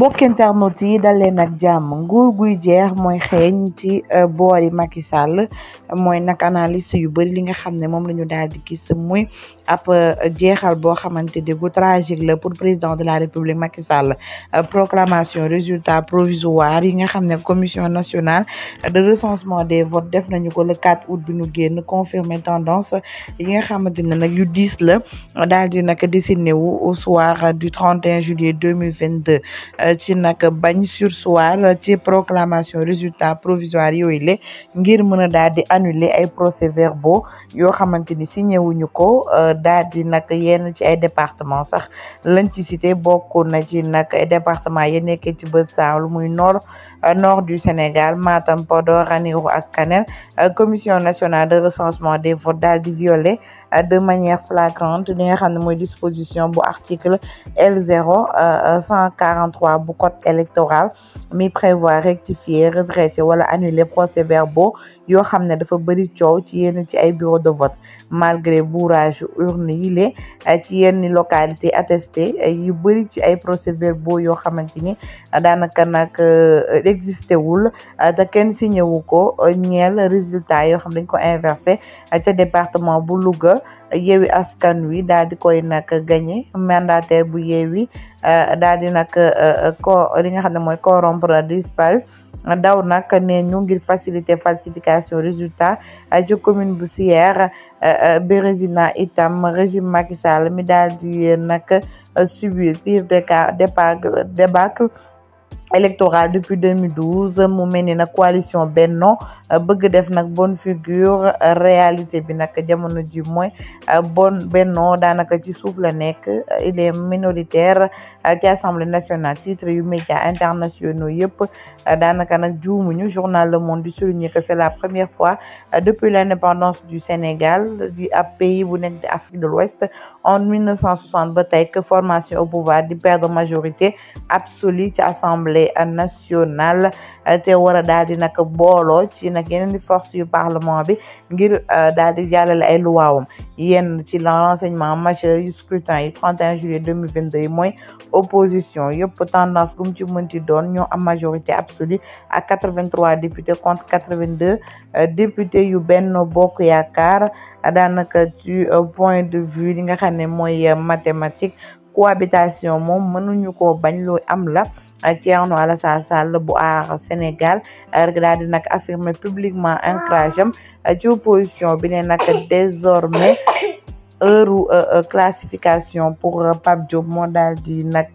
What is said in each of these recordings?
mbokk internautes yi daleen ak jàmm nguur guy jeex mooy xeeñ ci euh, boori Macky Sall mooy nag analyste yu bëri li nga xam ne moom la ñu daal di gis muy ab euh, jeexal boo xamante di gu tragique la pour président de la république Macky Sall euh, proclamation résultat provisoire yi nga xam ne commission nationale de recensement des votes def nañu ko le 4 août bi ñu génn confirmer tendance yi nga xamante ne nag yu diis la daal di nag dessiné wu au soir du 31 juillet 2022 ci nag bañ surseoir ci proclamation résultat provisoire yooyu le ngir mën a daal di annuler ay procès verbaux yoo xamante ni signé wuñu ko euh, daal di nag yenn ci ay département sax lañ ci cité bokk na ci nag département yi nekkee ci bët Saalum muy nord euh, nord du Sénégal Matam Podor Ranérou ak Kanel euh, commission nationale de recensement des votes daal di violé de manière flagrante li nga xam ne mooy disposition bu article L0 143 bu code électoral mi prévoir rectifier redresser wala annuler procès verbaux yoo xam ne dafa bëri coow ci yenn ci ay bureau de vote malgré bourage urne yi le eh, ci yenn localité attesté eh, yu ci ay procès bo yoo xamante ni eh, daanaka nag existé wul te kenn signé ko ñeel résultat yoo xam dañ ko inversé ca département bu Louga yewi askan wi daal di koy nag gagné mandataire bu yewi euh, daal di nag ko euh, li nga xam ne mooy corrompre daw nag ne ñu ngir faciliter falsification résultat euh, ci commune bu Sierre Bérésina itam régime Macky Sall mi daal di nag subir pire de électorale depuis 2012 mu mel ni nag coalition Benno euh, bëgg def nag bonne figure euh, réalité bi nag jamono ji mooy euh, bon Benno daanaka ci suuf la nekk il est minoritaire ci assemblée nationale titre yu médias internationaux yëpp daanaka nag juumuñu journal Le Monde di souligner que c'est la première fois depuis l'indépendance du Sénégal di ab pays bu nekk di Afrique de l'Ouest en 1960 ba tey que formation au pouvoir di perdre majorité absolue ci assemblée assemblée nationale eh, te war a daal di nag booloo ci nag yeneen di force yu parlement bi ngir eh, daal di jàllale ay luwaawam yenn ci renseignement majeur yu scrutin yi 31 juillet 2022 yi mooy opposition yëpp tendance gum ci mënti doon ñoo am majorité absolue ak 83 députés contre 82 eh, députés yu Benno Bokk Yaakaar daanaka ci point de vue li nga xam ne mooy mathématique cohabitation moom mënuñu koo bañ looy am la Thierno Alassane Sall bu aar Sénégal daal di nag affirmer publiquement ancrage am ci opposition bi ne nag désormais heure euh, euh, classification pour euh, Pape Diop moo daal di nag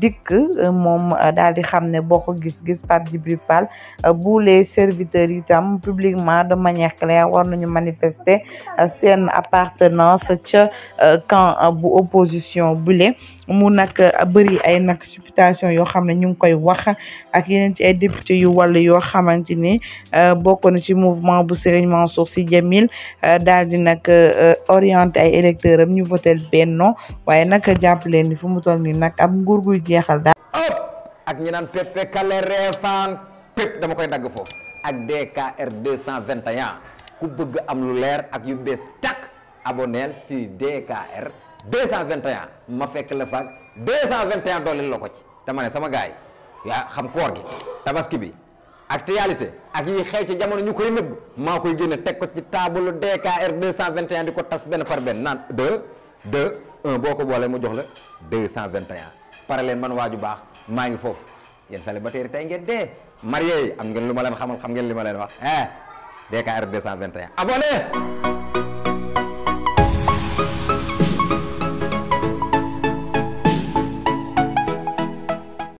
dikk moom daal di xam ne boo ko gis-gis Pape Djibril Fall bu les serviteurs itam publiquement de manière claire war nañu manifester seen appartenance ca camp bu opposition bule mu nag bëri ay nag supputation yoo xam ne ñu ngi koy wax ak yeneen ci ay député yu wàllu yoo xamante ni bokk na ci mouvement bu Serigne Mansour Sy Djamil daal di nag orient cinquante ay électeurs am ñu votel Benno waaye nag jàpp leen ni fu mu toll ni nag ab nguur guy jeexal daal ak ñi naan pepe kale reefaan pép dama koy dagg foofu ak DKR 221 ku bëgg am lu leer ak yu bees takk aboneel ci DKR 221 ma fekk la faag 221 dooleel la ko ci te ma sama gaay yaa xam koor gi tabaski bi ak réalité ak yi xew ci jamono ñu koy nëbb maa koy génne teg ko ci table DKR 221 di ko tas benn par benn naan de de 1 boo ko boolee mu jox la vingt 221 par leen man waaju baax maa ngi foofu yéen célibataire tey ngeen dee marié yi am ngeen lu ma leen xamal xam ngeen li ma leen wax eh DKR 221 abonné